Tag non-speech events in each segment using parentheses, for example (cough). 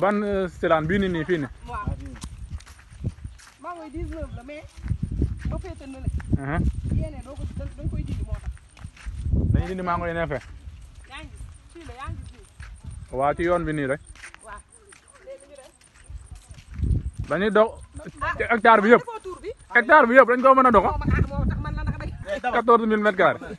ban euh, selaan bii nii nii fii nii. maa ngi maa ngi lay neefee. yaa yoon bi nii rek. waaw léegi ah. hectare bi yëpp. Ah, hectare bi yëpp dañ ko mën a doxo. 14000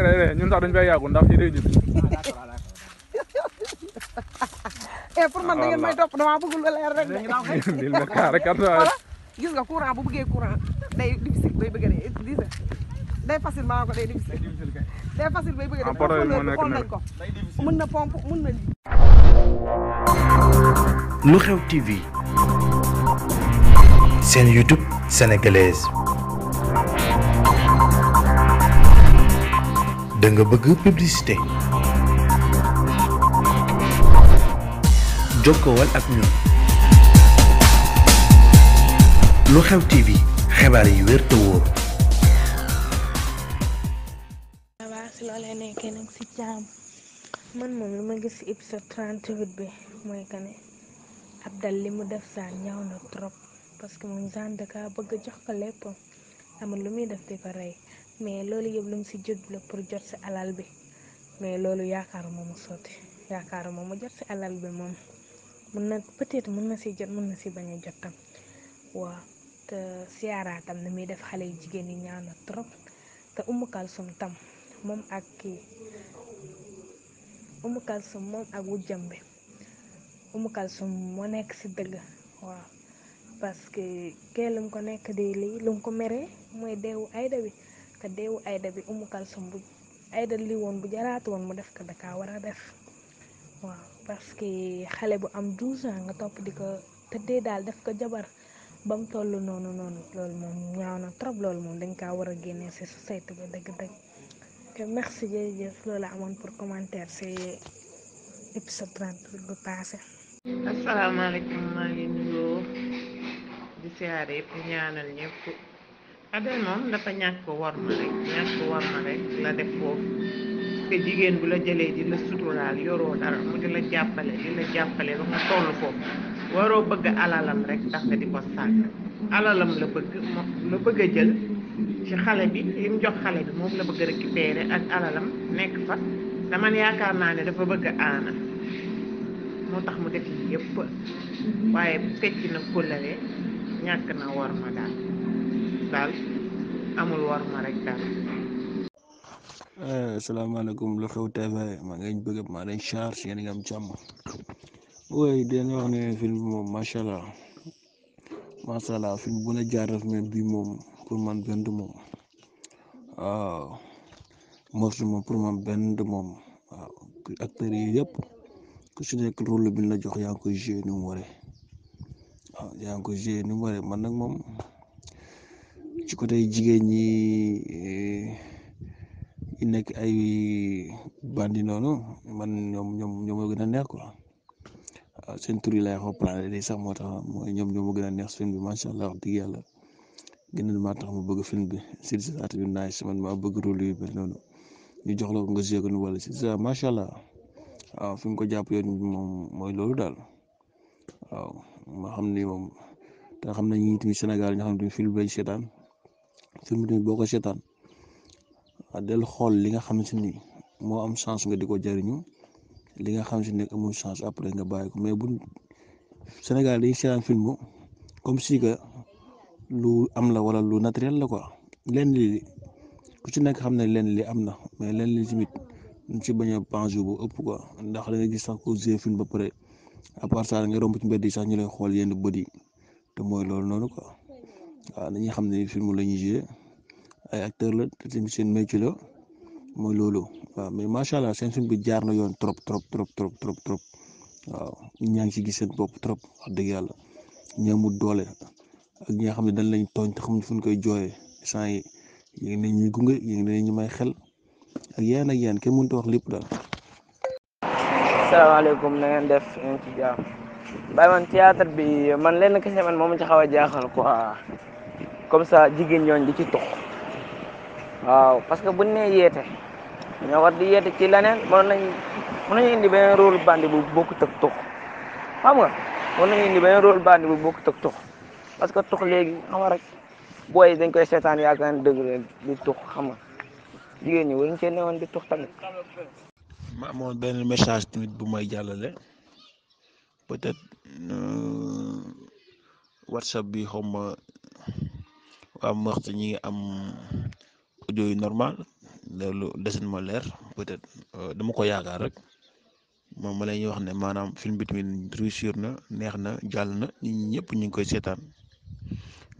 créé ñun eh, man da ngeen may topp damaa bëgg lu leer rek de. dil ma kaar kat waaye. gis nga courant bu bëggee courant day difficile day bëgg a dee day facile maa ko day difficile. day facile bay bëgg a dee xool nañ ko. mën na pompe mën na lii. lu TV. seen YouTube sénégalaise. da nga bëgg publicité jokkowal ak ñun lu xew TV xibaar yi wér te lu ma gis si épisode 38 bi mooy que ne Abdal li mu def saa ñaaw na trop parce que moom genre kaa bëgg jox ko lépp amul lu muy def di ko rey. mais loolu yëpp lu mu si jot pour jot si alal bi mais loolu yaakaar yaakaaruma mu sotti yaakaaruma mu jot si alal bi moom mun na peut-être mun na si jot mun na si bañ a jot tam waaw te siyaara ni muy def xale yu jigéen ñi ñaaw na trop te Umu Kalsum tam moom ak kii Umu Kalsum moom ak wujjam bi Umu Kalsum moo nekk ci dëgg waaw parce que kee lu mu ko nekk di lii lu mu ko meree mooy deewu Ayda bi te deewu ayda bi umu kalsum bu ayda li woon bu jaraatu woon mu def ko daka kaa war a def waaw parce que xale bu am 12 ans nga topp di ko tëddee daal def ko jabar ba mu toll noonu noonu loolu moom ñaaw na trop loolu moom dañ kaa war a génnee si société bi dëgg-dëgg merci jërëjëf loolu amoon pour commentaire si épisode 30 bu passé. Abel moom dafa ñàkk war ma rek ñàkk war ma rek la def foofu que jigéen bu la jëlee di la suturaal yoroo dara mu di la jàppale di jàppale ba nga toll waroo bëgg alalam rek ndax di ko sànq alalam la bëgg moom la bëgg a jël ci xale bi li jox xale bi moom la bëgg a récupérer ak alalam nekk fa dama yaakaar naa ne dafa bëgg aana moo tax ma def yi yëpp waaye fecc na kóllare ñàkk na war ma daal daal amul war ma rek daal. Eh, asalaamaaleykum lu xew TV maa ngi leen bëgg maa ngi leen charge yéen nga am jàmm. oui di wax ne film moom macha allah macha allah film bu la jaar daf mel bii moom pour man benn moom waaw moom pour man benn moom waaw yëpp ku si nekk rôle bi la jox yaa ngi koy joué mu waree waaw yaa ngi mu waree man nag moom. ci côté jigéen ñi eh, nekk ay bandi noonu man ñoom ñoom ñoom moo gën a neex quoi waaw ah, seen tur yi laay xaw sax moo tax mooy ñoom ñoom moo gën a neex film bi macha allah wax yàlla gën a tax ma bëgg film bi Sidi man maa bëgg rôle yu jox la ko nga joué ko macha allah waaw ah, fi ko jàpp yoon moom mooy loolu daal ma xam ni moom te xam na ñi tamit Sénégal ñoo xam ne film bay seetaan. film tamit boo ko seetaan del xool li nga xam si ni moo am chance nga di ko jariñu li nga xam si nekk amul chance après nga bàyyi mais bu Sénégal dañuy comme si am la wala lu naturel la quoi lenn ku ci nekk xam ne lenn li am na mais len li tamit ñu ci bañ a bu ëpp quoi ndax da nga gis sax ko jouer film ba pare à part ça nga romb ci mbedd yi sax ñu lay xool yenn bët yi te mooy loolu noonu quoi. waaw dañuy xam ne film la ñuy joué ay acteur la te tamit seen métier mooy loolu waaw mais macha allah seen film bi jaar na yoon trop trop trop trop trop trop waaw ñaa ngi ci gis seen bopp trop a dëgg yàlla ñi amul doole ak ñi nga xam ne dañ lañ tooñ te xamuñ fu koy jooyee sant yi yéen ñi ñuy gunge yéen ñu may xel ak yéen ak yéen kenn mënut a wax lépp daal. asalaamaaleykum na def ñu ci jàmm Baye man théâtre bi man lenn kese man moom ci xaw a jaaxal quoi. comme sa jigéen ñooñ di ci tux waaw parce que bu nee yeete ñoo war di yeete ci leneen mën nañ mën nañu indi beneen rôle bandi bu bokkut ak tux xam nga mën nañu indi beneen rôle bandi bu bokkut ak tux parce que tux léegi xam rek booy dañ koy seetaan yaakaar ne dëgg la di tux xam nga jigéen ñi waruñ cee newoon di tux tamit. ma amoon benn message tamit bu may jàllale peut-être euh, WhatsApp bi xaw am waxtu ñi ngi am audio yu normal loolu desin ma leer peut-être euh, dama ko yaakaar rek moom ma lay wax ne maanaam film bi tamit réussir na neex na jàll na nit ñi ñëpp ñu ngi koy seetaan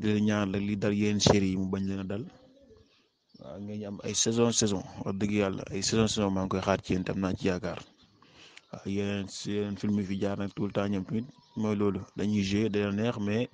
di ñaan la li dal yeneen série yi mu bañ leen a dal waaw ngeen am ay saison saison wax dëgg yàlla ay saison saison maa ngi koy xaar ci yéen tam naa ci yaakaar waaw yeneen yeneen film fi jaar nag tout le temps ñoom tamit mooy loolu dañuy jouer dana neex mais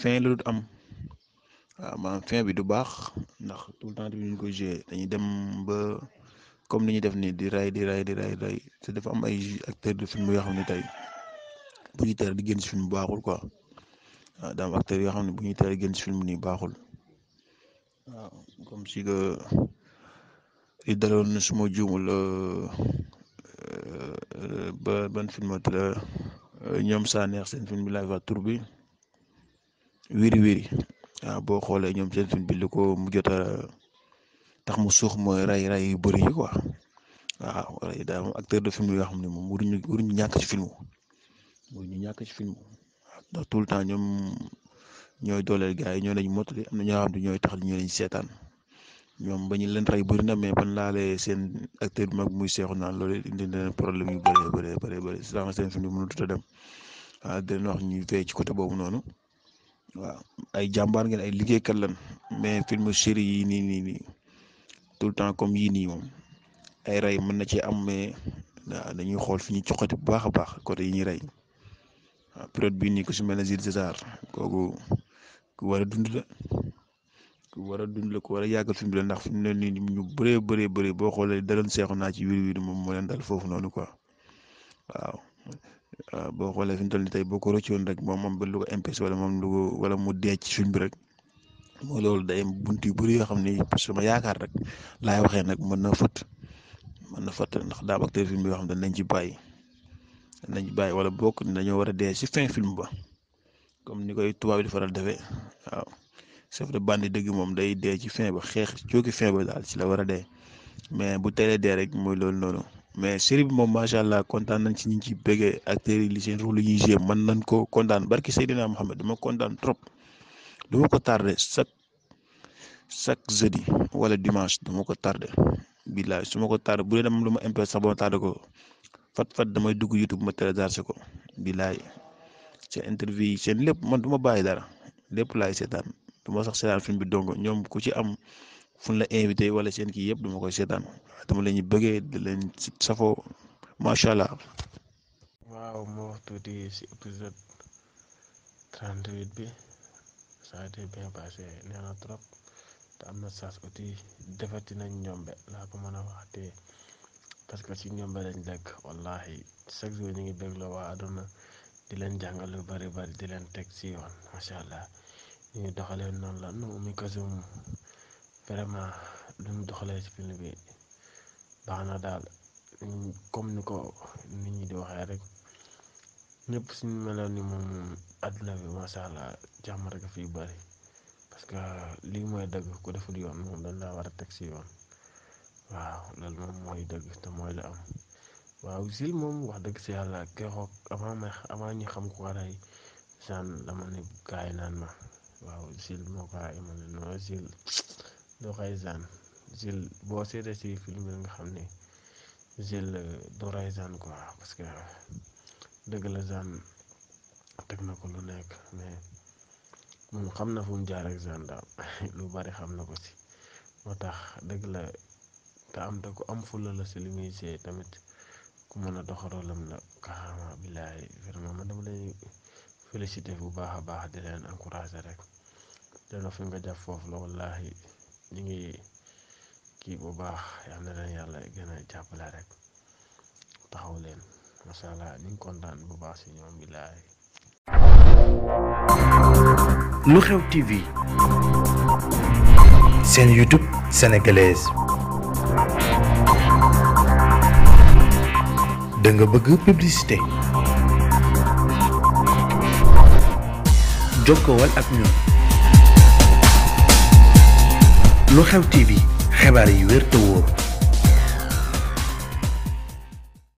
fin la am. waaw maanaam fin bi du baax ndax tul temps bi ñu ko joué dañuy dem ba comme ni ñuy def nii di ray di ray di ray ray te dafa am ay acteurs de yoo xam ne tey bu ñuy teel di génn si film baaxul quoi waaw acteurs yoo xam ne bu ñuy teel di génn si film nii baaxul waaw comme si que daloon suma juumul euh, euh, ba ban filmati la euh, ñoom saa neex seen film bi laay fa tur bi wiri wiri waaw boo xoolee ñoom seen film bi li ko mu jot tax mu suux mooy ray ray yu bëri yi quoi waaw ray acteur de film yoo xam ne moom waruñu waruñu ñàkk ci film waruñu ñàkk ci film ndax tout le temps ñoom ñooy dooleel gars yi ñoo lañ mottali am na ñoo xam ne ñooy tax ñoo lañ seetaan ñoom ba ñu leen rey bëri na mais ban laalee seen acteur bi mag muy seexu naan loolu indi leen problème yu bëree bëri bëri bëri seen film dem waaw dinañ wax ñu veillé ci côté boobu noonu. waaw ay jàmbaar ngeen ay liggéeykat lan mais film série yi nii nii nii tout le temps comme yii nii moom ay rey mën na ci am mais dañuy xool fi ñuy coxati bu baax a baax côté yi ñuy rey waaw période bii nii ku si mel ne Jules César kooku ku a dund la ku war a dund la ku war a yàggal film bi ndax fi mu ne nii ñu bëree bëree bëri bo xoolee daloon seexu naa ci wiir wiir moom moo leen dal foofu noonu quoi waaw. boo xoolee fi ñu toll tey boo ko rëccoon rek moom moom ba lu ko empêché wala moom lu ko wala mu dee ci suñ bi rek moo loolu day bunt yu bëri yoo xam ni ma yaakaar rek laay waxee nag mën na fët mën na fët ndax daa am acteur film bi yoo xam ne danañ ci bàyyi danañ ci bàyyi wala bokk nañoo war a dee ci fin film ba comme ni koy tubaab di faral defee waaw chef de bande dëgg moom day dee ci fin ba xeex cooki fin ba daal ci la war a dee mais bu teelee dee rek mooy loolu noonu. mais série bi moom macha allah kontaan nañ ci ñi ci bëggee acteurs yi li seen rôle yi ñuy joué nañ ko kontaan barki Seydina Mohamed dama kontaan trop duma ko tardé chaque chaque jeudi wala dimanche duma ko tardé billaay suma ma ko tardé bu dee dama lu ma impé sax ba ma ko fat fat damay dugg YouTube ma téléchargé ko billaay seen interview yi seen lépp man duma ma bàyyi dara lépp laay seetaan du sax seetaan film bi dong ñoom ku ci am. fu la invité yi wala seen kii yëpp duma koy seetaan dama leen ñu bëggee di leen safoo macha allah. waaw moo wax tuuti si épisode 38 bi ça a été bien passé nee na trop te am na saas uti defati nañ ñombe laa ko mën a waxatee parce que si ñombe lañ dëkk wallahi chaque jour ñu ngi bégloo waa àdduna di leen jàngal lu bari bari di leen teg si yoon macha allah ñu ngi doxalee noonu la nu mu vraiment lu mu doxalee ci film bi baax na daal comme ni ko nit ñi di waxee rek ñëpp suñu meloon ni moom àdduna bi macha allah jàmm rek fi bari parce que lii mooy dëgg ku deful yoon moom dañ laa war a teg si yoon waaw loolu moom mooy dëgg moom wax dëgg si yàlla keroog avant may avant ñu xam ko waray saan dama ne gaay naan ma waaw Zil moo ko rey ma ne non du Raysaan Zil boo seetee si film bi nga xam ni Zil euh, du Raysaan quoi parce que dëgg la Zane teg na ko lu nekk mais moom xam na fum mu jaar ak Zane daal (laughs) lu bari xam na ko si moo tax dëgg la te am te ku am fulla la si li muy see tamit ku mën a doxaroolam la kaxaama billaay vraiment man dama lay félicité bu baax a baax di leen encouragé rek dana fi nga jàpp foofu la wallaahi. ñu ngi kii bu baax yal na leen yàlla gën jàppale rek taxaw leen macha allah ñu kontaan bu baax si ñoom billaay lu xew TV seen YouTube sénégalaise da nga bëgg publicité jokkool ak ñun lu xew TV xibaar yi wér te wóor